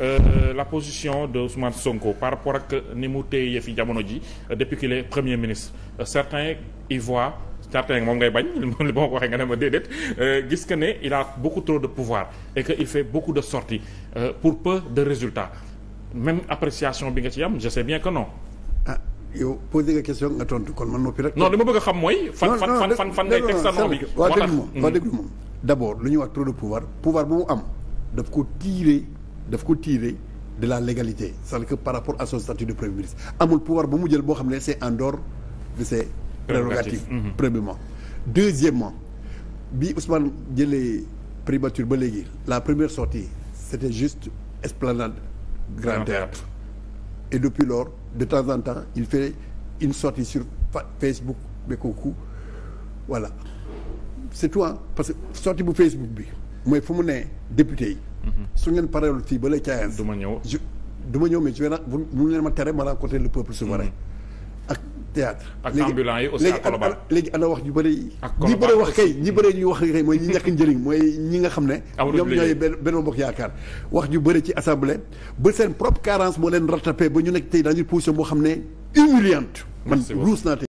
Euh, la position de Ousmane Sonko par rapport ak ni mu téye fi jamono ji euh, depuis qu'il est premier ministre euh, certains y voient certains moom ngay bañ li ma ko waxee ma déedéet gis que ne il de pouvoir et que il fait beaucoup de sorties pour peu de résultats même bi nga ci am je que non. ah yow posé nga question nga tontu kon man noppi rek. non bëgg xam mooy. fan fan fan fan fan ngay teg sa nom bi. moo tax hmm. lu ñuy wax trop de pouvoir pouvoir bu mu daf ko tirer. daf ko tirer de la légalité cest à que par rapport à son statut de premier ministre amul pouvoir bu mu jël boo xam ne c'est en dehors de ses prérogatives mhm. premièrement deuxièmement bi Ousmane jëlee primature ba léegi la première sortie c'était juste esplanade grand théâtre et depuis lors de temps en temps il fait une sortie sur Facebook Bekooku voilà c'est toi parce que sortie bu Facebook bi mooy fu mu ne député yi. Mhm. su ngeen pareewul fii ba la caayaan. du ñëw je du ma ñëw mais je vais bu mu leen ma tere ma rencontrer le peuple souverain. Mhm. ak théâtre ak ambulant yi aussi ak Colobane léegi ana wax ñu bëri. ak ñi bëri wax kay ñi bëri ñuy wax kay mooy ñi ñàkk njëriñ mooy ñi nga xam ne. ñoom ñooy benn benn bokk yaakaar. wax ju bëri ci assemblée ba seen propre carence moo leen rattrapé ba ñu nekk tey dañuy une position boo xam ne humiliante man ruus naa tey